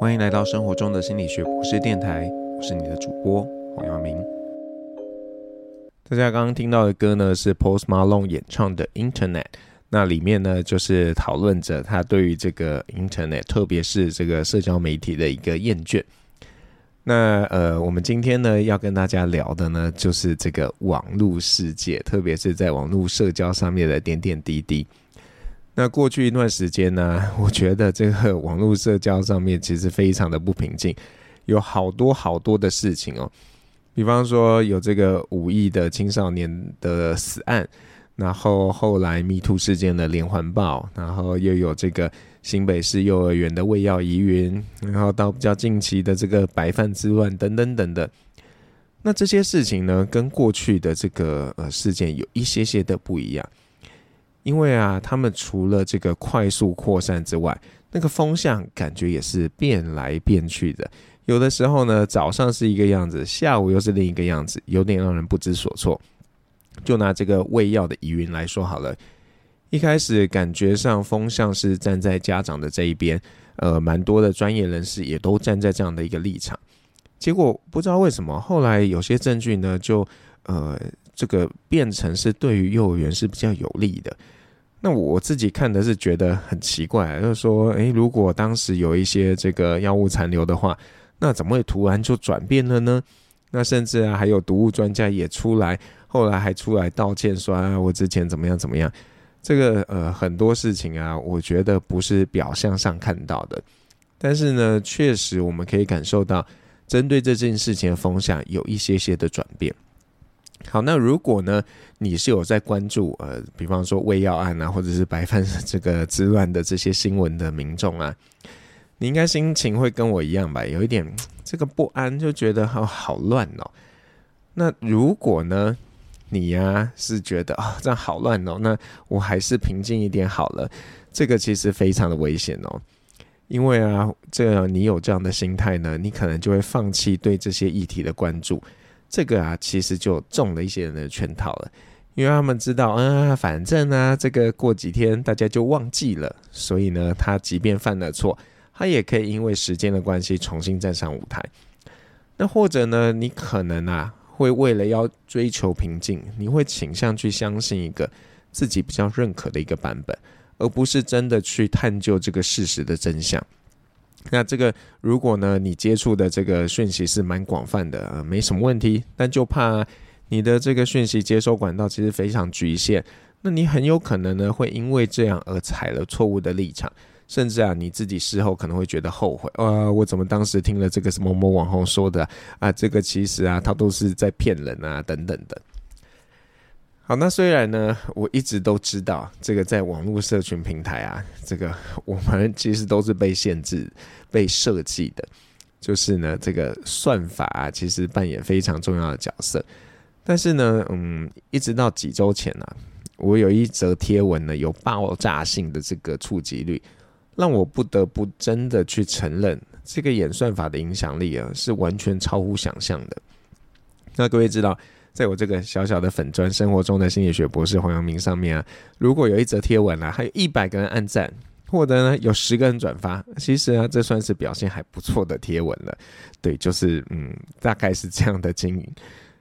歡迎來到生活中的心理學博士電台，我是你的主播黃揚名。大家剛剛聽到的歌呢是 Post Malone 演唱的《Internet》，那裡面呢就是討論着他對於這個 Internet，特別是這個社交媒體的一個厭倦。那呃，我們今天呢要跟大家聊的呢就是這個網絡世界，特別是在網絡社交上面的點點滴滴。那過去一段時間呢、啊，我覺得這個網絡社交上面其實非常的不平靜，有好多好多的事情哦。比方說有這個五億的青少年的死案，然後後來 MeToo 事件的連環爆，然後又有這個新北市幼兒園的餵藥疑雲，然後到比較近期的這個白飯之亂等等等等的。那這些事情呢，跟過去的這個呃事件有一些些的不一樣。因為啊，他們除了這個快速擴散之外，那個風向感覺也是變來變去的。有的時候呢，早上是一個樣子，下午又是另一個樣子，有點讓人不知所措。就拿這個餵藥的疑雲來說好了，一開始感覺上風向是站在家長的這一邊，呃，蠻多的專業人士也都站在這樣的一個立場。結果不知道為什麼，後來有些證據呢，就呃，這個變成是對於幼兒園是比較有利的。那我自己看的是覺得很奇怪，就是說，誒、欸，如果當時有一些這個藥物殘留的話，那怎麼會突然就轉變了呢？那甚至啊，還有毒物專家也出來，後來還出來道歉說啊，我之前怎麼樣怎麼樣。這個呃，很多事情啊，我覺得不是表象上看到的，但是呢，確實我們可以感受到，針對這件事情的風向有一些些的轉變。好，那如果呢，你是有在關注呃，比方說餵藥案啊，或者是白飯這個之亂的這些新聞的民眾啊，你應該心情會跟我一樣吧？有一點這個不安，就覺得好好亂哦、喔。那如果呢，你呀、啊、是覺得哦，這樣好亂哦、喔，那我還是平靜一點好了。這個其實非常的危險哦、喔，因為啊，這樣、個、你有這樣的心態呢，你可能就會放棄對這些議題的關注。這個啊，其實就中了一些人的圈套了，因為他們知道，嗯、啊，反正呢、啊，這個過幾天大家就忘記了，所以呢，他即便犯了錯，他也可以因為時間的關係重新站上舞台。那或者呢，你可能啊，會為了要追求平靜，你會傾向去相信一個自己比較認可的一個版本，而不是真的去探究這個事實的真相。那這個，如果呢，你接觸的這個訊息是蠻廣泛的啊、呃，沒什麼問題。但就怕你的這個訊息接收管道其實非常局限，那你很有可能呢，會因為這樣而踩了錯誤的立場，甚至啊，你自己事後可能會覺得後悔啊、哦，我怎麼當時聽了這個什麼某網紅說的啊，這個其實啊，他都是在騙人啊等等的。好，那雖然呢，我一直都知道這個在網絡社群平台啊，這個我們其實都是被限制、被設計的，就是呢，這個算法啊，其實扮演非常重要的角色。但是呢，嗯，一直到幾周前啊，我有一則貼文呢，有爆炸性的這個觸及率，讓我不得不真的去承認，這個演算法的影響力啊，是完全超乎想象的。那各位知道，在我這個小小的粉專生活中的心理學博士黃揚名上面啊，如果有一則貼文啊，還有一百個人按讚，或者呢，有十個人轉發，其實啊，這算是表現還不錯的貼文了。對，就是嗯，大概是這樣的經營。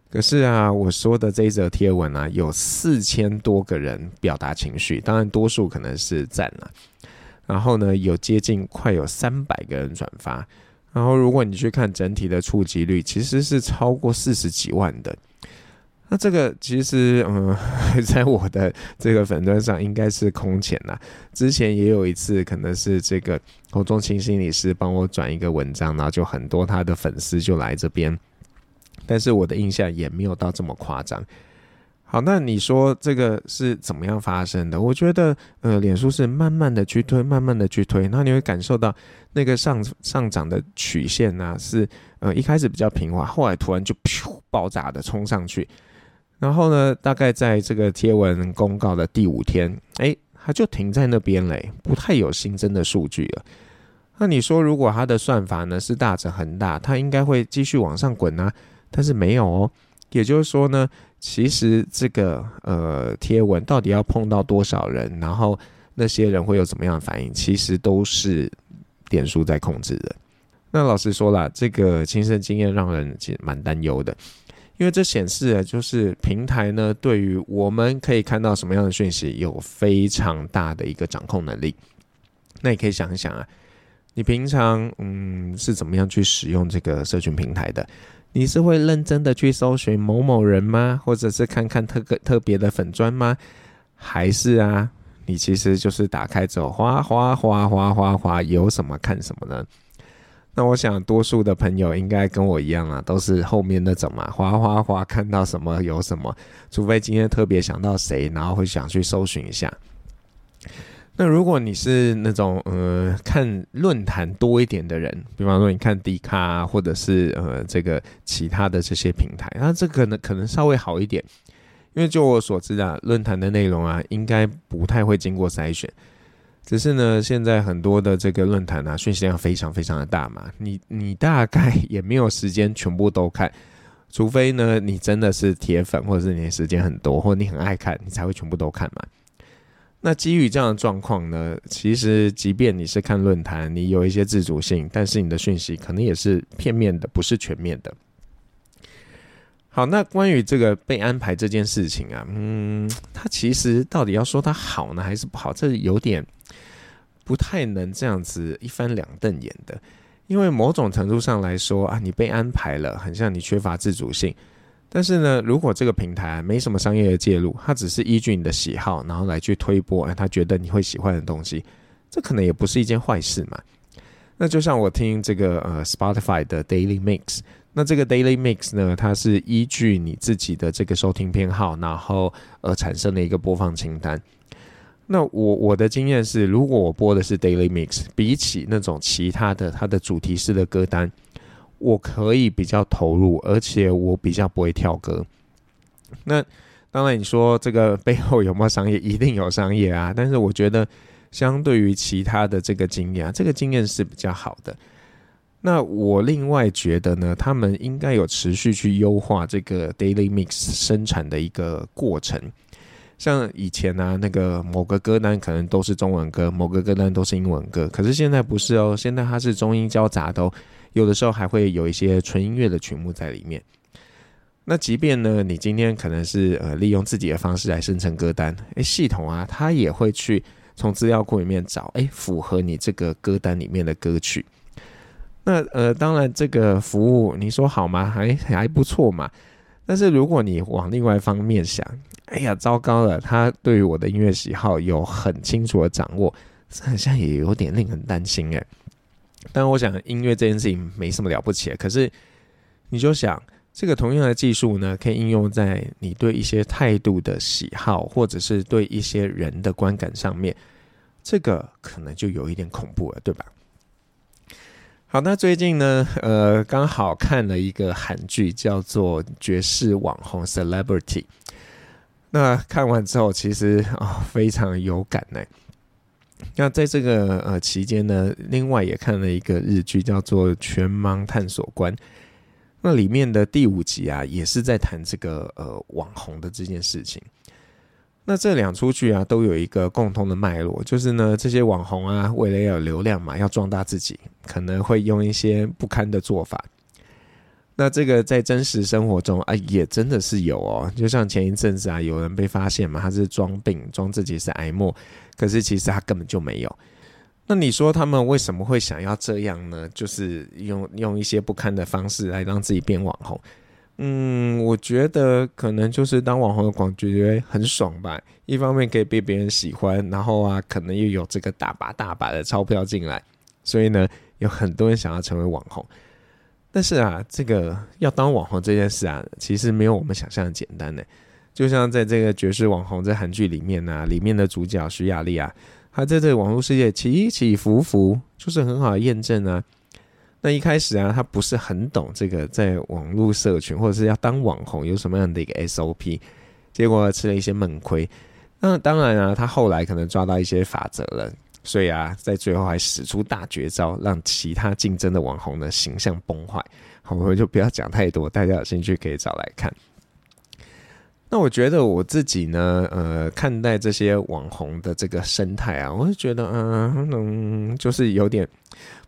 可是啊，我說的這一則貼文啊，有四千多個人表達情緒，當然多數可能是讚了。然後呢，有接近快有三百個人轉發。然後如果你去看整體的觸及率，其實是超過四十幾萬的。那這個其實，嗯，在我的這個粉專上應該是空前的。之前也有一次，可能是這個洪仲清心理師幫我轉一個文章，然後就很多他的粉絲就來這邊，但是我的印象也沒有到這麼誇張。好，那你說這個是怎麼樣發生的？我覺得，呃，臉書是慢慢的去推，慢慢的去推，那你會感受到那個上上漲的曲線呢、啊，是呃一開始比較平滑，後來突然就爆炸的衝上去。然後呢，大概在這個貼文公告的第五天，哎，它就停在那邊嘞，不太有新增的數據了。那你說，如果它的算法呢是大者恆大，它應該會繼續往上滾啊？但是沒有哦。也就是說呢，其實這個呃貼文到底要碰到多少人，然後那些人會有怎麼樣的反應，其實都是點數在控制的。那老實說啦，這個親身經驗讓人其實蠻擔憂的。因為這顯示啊，就是平台呢，對於我們可以看到什麼樣的訊息，有非常大的一個掌控能力。那你可以想一想啊，你平常嗯是怎麼樣去使用這個社群平台的？你是會認真的去搜尋某某人嗎？或者是看看特個特別的粉專嗎？還是啊，你其實就是打開之後，嘩嘩嘩嘩嘩嘩，有什麼看什麼呢？那我想，多數的朋友應該跟我一樣啊，都是後面那種嘛、啊，嘩嘩嘩，看到什麼有什麼，除非今天特別想到誰，然後會想去搜尋一下。那如果你是那種呃看論壇多一點的人，比方說你看 D 卡，啊、或者是呃這個其他的這些平台，那、啊、這可、個、能可能稍微好一點，因為就我所知啊，論壇的內容啊，應該不太會經過篩選。只是呢，現在很多的這個論壇啊，訊息量非常非常的大嘛，你你大概也沒有時間全部都看，除非呢，你真的是鐵粉，或者是你的時間很多，或者你很愛看，你才會全部都看嘛。那基於這樣的狀況呢，其實即便你是看論壇，你有一些自主性，但是你的訊息可能也是片面的，不是全面的。好，那關於這個被安排這件事情啊，嗯，它其實到底要說它好呢，還是不好？這有點。不太能這樣子一翻兩瞪眼的，因為某種程度上來說啊，你被安排了，很像你缺乏自主性。但是呢，如果這個平台，啊，沒什麼商業的介入，它只是依據你的喜好，然後來去推播，啊、哎，他覺得你會喜歡的東西，這可能也不是一件壞事嘛。那就像我聽這個呃 Spotify 的 Daily Mix，那這個 Daily Mix 呢，它是依據你自己的這個收聽偏好，然後而產生的一個播放清單。那我我的經驗是，如果我播的是 Daily Mix，比起那種其他的它的主題式的歌單，我可以比較投入，而且我比較不會跳歌。那當然，你說這個背後有沒有商業？一定有商業啊！但是我覺得，相對於其他的這個經驗啊，這個經驗是比較好的。那我另外覺得呢，他們應該有持續去優化這個 Daily Mix 生產的一個過程。像以前呢、啊，那個某個歌單可能都是中文歌，某個歌單都是英文歌，可是現在不是哦，現在它是中英交雜的、哦，有的時候還會有一些純音樂的曲目在裡面。那即便呢，你今天可能是呃利用自己的方式來生成歌單，誒、欸、系統啊，它也會去從資料庫裡面找，誒、欸、符合你這個歌單裡面的歌曲。那呃，當然這個服務你說好嗎？還還不錯嘛。但是如果你往另外一方面想。哎呀，糟糕了！他對於我的音樂喜好有很清楚的掌握，這好像也有點令人擔心哎。但我想，音樂這件事情沒什麼了不起了。可是，你就想，這個同樣的技術呢，可以應用在你對一些態度的喜好，或者是對一些人的觀感上面，這個可能就有一點恐怖了，對吧？好，那最近呢，呃，剛好看了一個韓劇，叫做《絕世網紅》（Celebrity）。那看完之後，其實啊、哦、非常有感呢，那在這個呃期間呢，另外也看了一個日劇叫做《全盲探索官》，那裡面的第五集啊，也是在談這個呃網紅的這件事情。那這兩齣劇啊，都有一個共同的脈絡，就是呢，這些網紅啊，為了要有流量嘛，要壯大自己，可能會用一些不堪的做法。那這個在真實生活中啊，也真的是有哦。就像前一陣子啊，有人被發現嘛，他是裝病，裝自己是癌末，可是其實他根本就沒有。那你說他們為什麼會想要這樣呢？就是用用一些不堪的方式來讓自己變網紅。嗯，我覺得可能就是當網紅的感覺得很爽吧。一方面可以被別人喜歡，然後啊，可能又有這個大把大把的鈔票進來，所以呢，有很多人想要成為網紅。但是啊，這個要當網紅這件事啊，其實沒有我們想象的簡單呢。就像在這個《絕世網紅》在韓劇裡面呢、啊，裡面的主角徐雅麗啊，她在這個網絡世界起起伏伏，就是很好的驗證啊。那一開始啊，她不是很懂這個在網絡社群或者是要當網紅有什麼樣的一個 SOP，結果吃了一些悶虧。那當然啊，她後來可能抓到一些法則了。所以啊，在最後還使出大絕招，讓其他競爭的網紅的形象崩壞。好，我就不要講太多，大家有興趣可以找來看。那我覺得我自己呢，呃，看待這些網紅的這個生態啊，我就覺得、呃，嗯，就是有點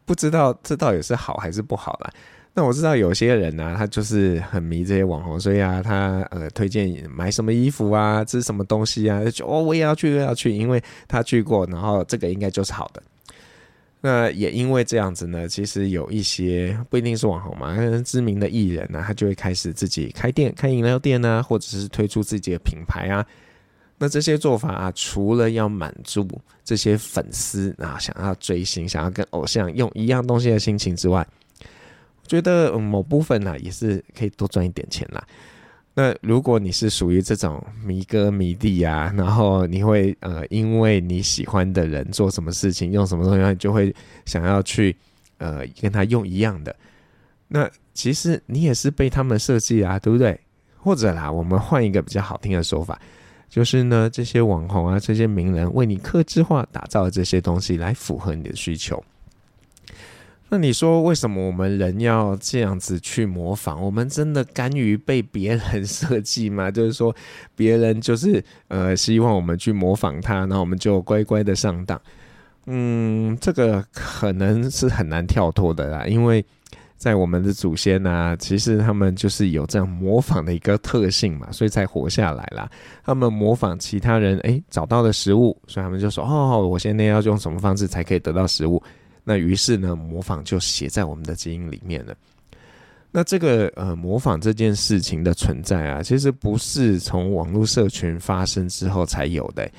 不知道這到底是好還是不好啦。那我知道有些人啊，他就是很迷這些網紅，所以啊，他呃推薦買什麼衣服啊，吃什麼東西啊，就哦，我也要去我也要去，因為他去過，然後這個應該就是好的。那也因為這樣子呢，其實有一些不一定是網紅嘛，知名的藝人呢、啊，他就會開始自己開店，開飲料店呢、啊，或者是推出自己的品牌啊。那這些做法啊，除了要滿足這些粉絲啊想要追星、想要跟偶像用一樣東西的心情之外，覺得某部分呢啊，也是可以多賺一點錢啦。那如果你是屬於這種迷哥迷弟啊，然後你會呃，因為你喜歡的人做什麼事情，用什麼東西，你就會想要去呃跟他用一樣的。那其實你也是被他們設計啊，對不對？或者啦，我們換一個比較好聽的說法，就是呢，這些網紅啊，這些名人為你客制化打造這些東西，來符合你的需求。那你說為什麼我們人要這樣子去模仿？我們真的甘於被別人設計嗎？就是說，別人就是呃希望我們去模仿他，那我們就乖乖的上當。嗯，這個可能是很難跳脫的啦，因為在我們的祖先呢、啊，其實他們就是有這樣模仿的一個特性嘛，所以才活下來啦。他們模仿其他人，哎、欸，找到的食物，所以他們就說哦：哦，我現在要用什麼方式才可以得到食物？那於是呢，模仿就寫在我們的基因裡面了。那這個呃，模仿這件事情的存在啊，其實不是從網絡社群發生之後才有的，欸，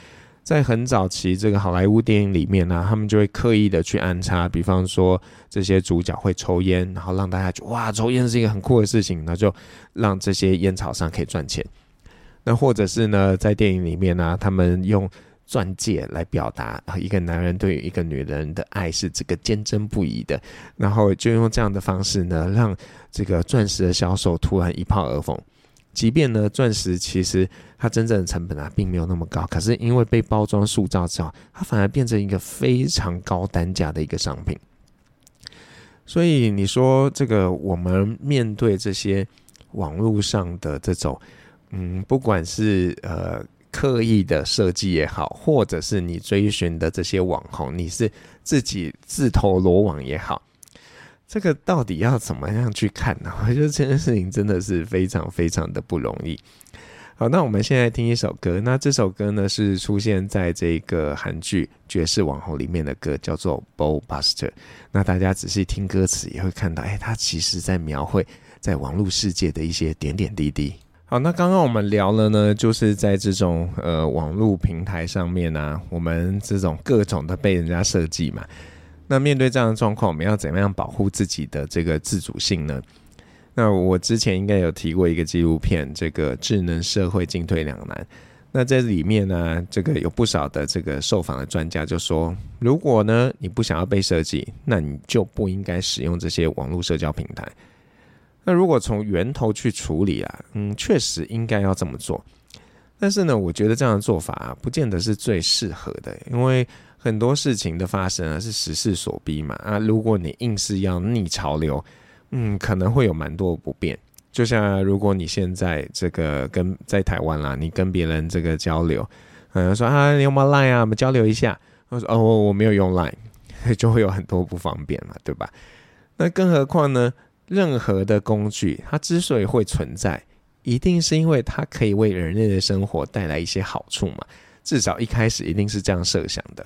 在很早期這個好萊塢電影裡面呢，啊，他們就會刻意的去安插，比方說這些主角會抽煙，然後讓大家覺得，哇，抽煙是一個很酷的事情，那就讓這些煙草商可以賺錢。那或者是呢，在電影裡面呢，啊，他們用。鑽戒來表達啊，一個男人對於一個女人的愛是這個堅貞不移的。然後就用這樣的方式呢，讓這個鑽石的銷售突然一炮而紅。即便呢，鑽石其實它真正的成本啊，並沒有那麼高，可是因為被包裝塑造之後，它反而變成一個非常高單價的一個商品。所以你說這個，我們面對這些網絡上的這種，嗯，不管是呃。刻意的設計也好，或者是你追尋的這些網紅，你是自己自投羅網也好，這個到底要怎麼樣去看呢？我覺得這件事情真的是非常非常的不容易。好，那我們現在聽一首歌，那這首歌呢是出現在這個韓劇《絕世網紅》裡面的歌，叫做《Ball Buster》。那大家仔細聽歌詞，也會看到，哎、欸，它其實在描繪在網絡世界的一些點點滴滴。好，那剛剛我們聊了呢，就是在這種呃網絡平台上面呢、啊，我們這種各種的被人家設計嘛。那面對這樣的狀況，我們要怎麼樣保護自己的這個自主性呢？那我之前應該有提過一個紀錄片，這個《智能社會進退兩難》。那這裡面呢、啊，這個有不少的這個受訪的專家就說，如果呢你不想要被設計，那你就不應該使用這些網絡社交平台。那如果從源頭去處理啊，嗯，確實應該要這麼做。但是呢，我覺得這樣的做法啊，不見得是最適合的，因為很多事情的發生啊，是時勢所逼嘛。啊，如果你硬是要逆潮流，嗯，可能會有蠻多不便。就像如果你現在這個跟在台灣啦，你跟別人這個交流，嗯，說啊，你有沒有 Line 啊，我們交流一下。我說哦，我沒有用 Line，就會有很多不方便嘛，對吧？那更何況呢？任何的工具，它之所以會存在，一定是因為它可以為人類的生活帶來一些好處嘛。至少一開始一定是這樣設想的。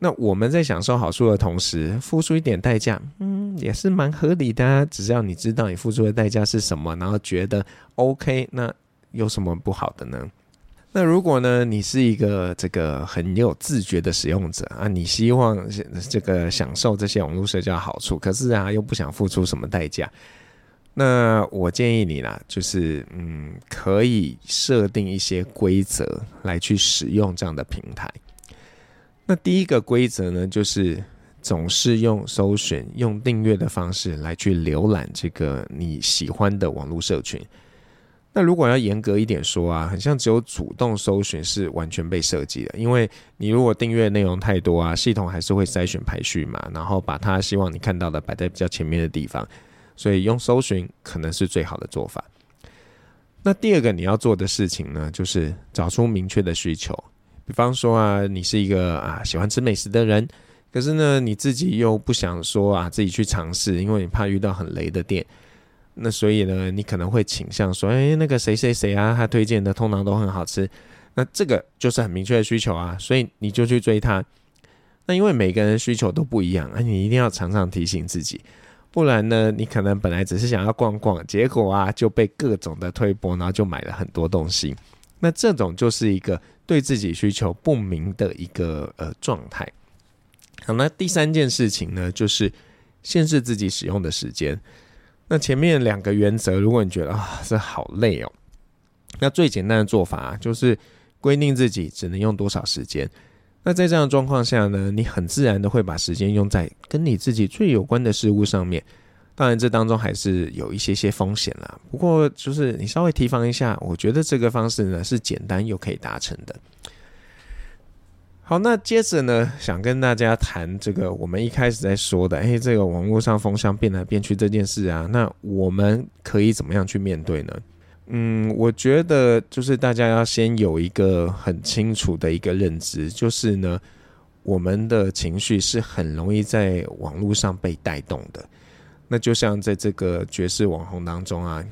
那我們在享受好處的同時，付出一點代價，嗯，也是蠻合理的啊，只要你知道你付出的代價是什麼，然後覺得 OK，那有什麼不好的呢？那如果呢，你是一個這個很有自覺的使用者啊，你希望這個享受這些網絡社交好處，可是啊又不想付出什麼代價，那我建議你啦，就是嗯，可以設定一些規則來去使用這樣的平台。那第一個規則呢，就是總是用搜尋、用訂閱的方式來去瀏覽這個你喜歡的網絡社群。那如果要嚴格一點說啊，很像只有主動搜尋是完全被設計的，因為你如果訂閱內容太多啊，系統還是會篩選排序嘛，然後把它希望你看到的擺在比較前面的地方，所以用搜尋可能是最好的做法。那第二個你要做的事情呢，就是找出明確的需求，比方說啊，你是一個啊喜歡吃美食的人，可是呢你自己又不想說啊自己去嘗試，因為你怕遇到很雷的店。那所以呢，你可能會傾向說，哎、欸，那個誰誰誰啊，他推薦的通常都很好吃。那這個就是很明確的需求啊，所以你就去追他。那因為每個人需求都不一樣啊，你一定要常常提醒自己，不然呢，你可能本來只是想要逛逛，結果啊就被各種的推播，然後就買了很多東西。那這種就是一個對自己需求不明的一個呃狀態。好，那第三件事情呢，就是限制自己使用的時間。那前面兩個原則，如果你覺得啊，這好累哦喔，那最簡單的做法啊，就是規定自己只能用多少時間。那在這樣的狀況下呢，你很自然的會把時間用在跟你自己最有關的事物上面。當然，這當中還是有一些些風險啦，不過，就是你稍微提防一下，我覺得這個方式呢是簡單又可以達成的。好，那接着呢，想跟大家談這個，我們一開始在說的，誒、欸，這個網絡上風向變來變去這件事啊，那我們可以怎麼樣去面對呢？嗯，我覺得就是大家要先有一個很清楚的一個認知，就是呢，我們的情緒是很容易在網絡上被帶動的。那就像在這個爵士網紅當中啊，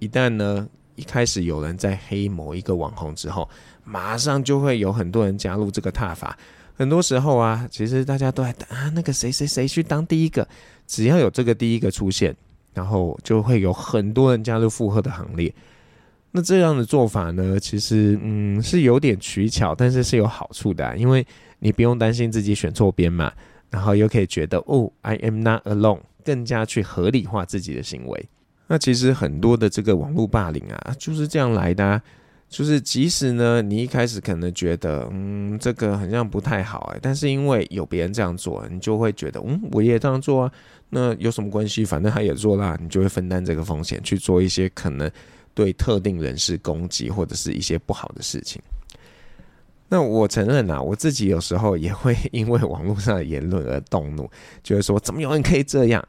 一旦呢一開始有人在黑某一個網紅之後，馬上就會有很多人加入這個撻伐。很多時候啊，其實大家都在等啊，那個誰誰誰去當第一個。只要有這個第一個出現，然後就會有很多人加入附和的行列。那這樣的做法呢，其實嗯是有點取巧，但是是有好處的啊，因為你不用擔心自己選錯邊嘛，然後又可以覺得哦，I am not alone，更加去合理化自己的行為。那其實很多的這個網絡霸凌啊，就是這樣來的啊。就是，即使呢，你一開始可能覺得，嗯，這個好像不太好哎、欸，但是因為有別人這樣做，你就會覺得，嗯，我也這樣做啊，那有什麼關係？反正他也做啦，你就會分擔這個風險，去做一些可能對特定人士攻擊或者是一些不好的事情。那我承認啊，我自己有時候也會因為網絡上的言論而動怒，就是說，怎麼有人可以這樣？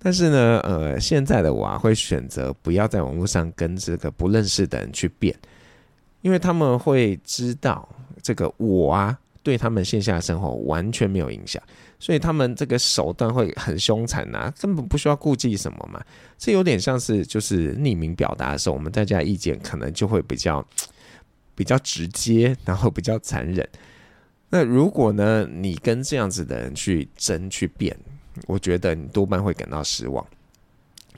但是呢，呃，現在的我啊，會選擇不要在網絡上跟這個不認識的人去辯，因為他們會知道這個我啊，對他們線下的生活完全沒有影響，所以他們這個手段會很兇殘吶，根本不需要顧忌什麼嘛。這有點像是就是匿名表達的時候，我們大家意見可能就會比較，比較直接，然後比較殘忍。那如果呢，你跟這樣子的人去爭，去辯，我覺得你多半會感到失望。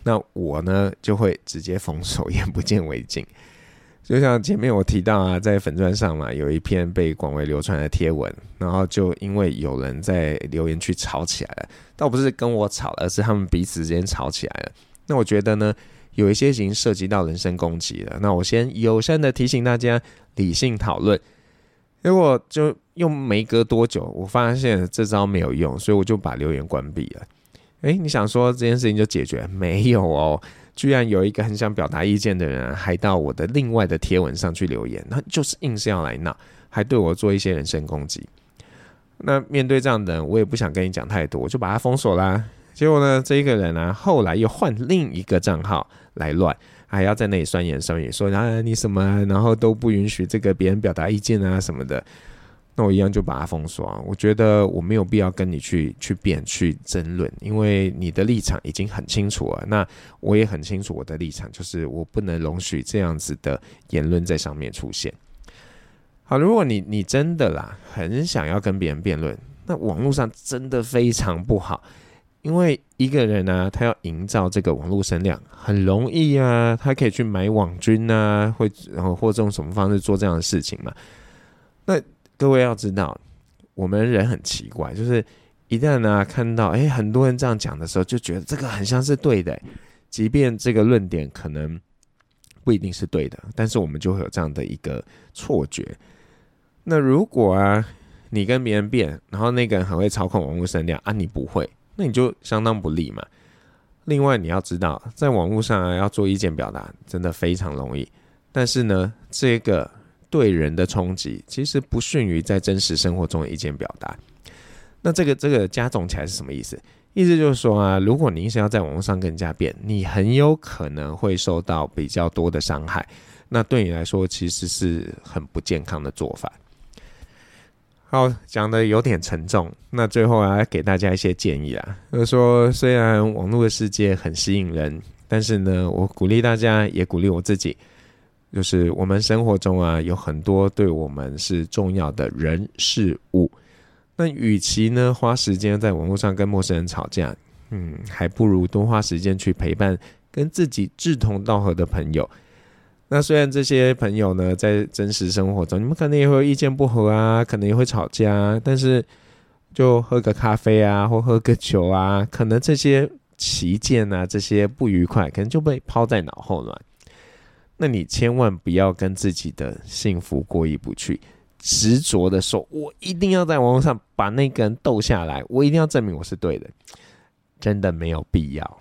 那我呢，就會直接封鎖，眼不見為淨。就像前面我提到啊，在粉專上嘛，有一篇被廣為流傳的貼文，然後就因為有人在留言區吵起來了，倒不是跟我吵，而是他們彼此之間吵起來了。那我覺得呢，有一些已經涉及到人身攻擊了。那我先友善的提醒大家，理性討論。結果就又沒隔多久，我發現這招沒有用，所以我就把留言關閉了。誒、欸，你想說這件事情就解決了？沒有哦，居然有一個很想表達意見的人，還到我的另外的貼文上去留言，那就是硬是要來鬧，還對我做一些人身攻擊。那面對這樣的人，我也不想跟你講太多，我就把他封鎖啦。結果呢？這一個人呢、啊，後來又換另一個賬號來亂，還要在那裡酸言酸語說：“啊，你什麼？然後都不允許這個別人表達意見啊什麼的。”那我一樣就把它封鎖。我覺得我沒有必要跟你去去辯、去爭論，因為你的立場已經很清楚了。那我也很清楚我的立場，就是我不能容許這樣子的言論在上面出現。好，如果你你真的啦，很想要跟別人辯論，那網絡上真的非常不好。因為一個人呢、啊，他要營造這個網絡聲量很容易啊，他可以去買網軍吶、啊，或者，然、呃、後或用什麼方式做這樣的事情嘛。那各位要知道，我們人很奇怪，就是一旦呢、啊、看到哎、欸、很多人這樣講的時候，就覺得這個很像是對的、欸，即便這個論點可能不一定是對的，但是我們就會有這樣的一個錯覺。那如果啊你跟別人辯，然後那個人很會操控網絡聲量啊，你不會。那你就相當不利嘛。另外，你要知道，在網絡上、啊、要做意見表達，真的非常容易。但是呢，這個對人的衝擊其實不遜於在真實生活中的意見表達。那這個這個加總起來是什麼意思？意思就是說啊，如果你一直要在網絡上跟人家辯，你很有可能會受到比較多的傷害。那對你來說，其實是很不健康的做法。好，講的有點沉重。那最後啊，給大家一些建議啊，就是說，雖然網絡的世界很吸引人，但是呢，我鼓勵大家，也鼓勵我自己，就是我們生活中啊，有很多對我們是重要的人事物。那與其呢，花時間在網絡上跟陌生人吵架，嗯，還不如多花時間去陪伴跟自己志同道合的朋友。那雖然這些朋友呢，在真實生活中，你們可能也會有意見不合啊，可能也會吵架啊。但是就喝個咖啡啊，或喝個酒啊，可能這些歧見啊，這些不愉快，可能就被拋在腦後了。那你千萬不要跟自己的幸福過意不去，執着的說，我一定要在網絡上把那個人鬥下來，我一定要證明我是對的，真的沒有必要。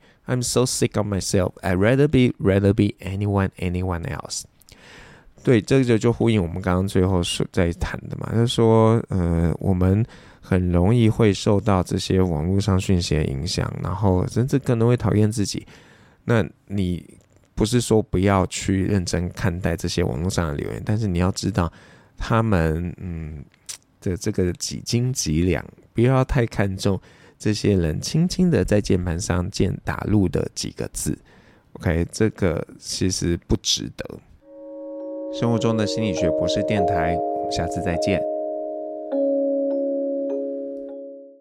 I'm so sick of myself. I'd rather be, rather be anyone, anyone else. 對，這個就就呼應我們剛剛最後在談的嘛，就是說，嗯、呃，我們很容易會受到這些網絡上訊息的影響，然後甚至可能會討厭自己。那你不是說不要去認真看待這些網絡上的留言，但是你要知道他們嗯的這個幾斤幾兩，不要太看重。這些人輕輕的在鍵盤上鍵打入的幾個字，OK，這個其實不值得。生活中的心理學博士電台，我們下次再見。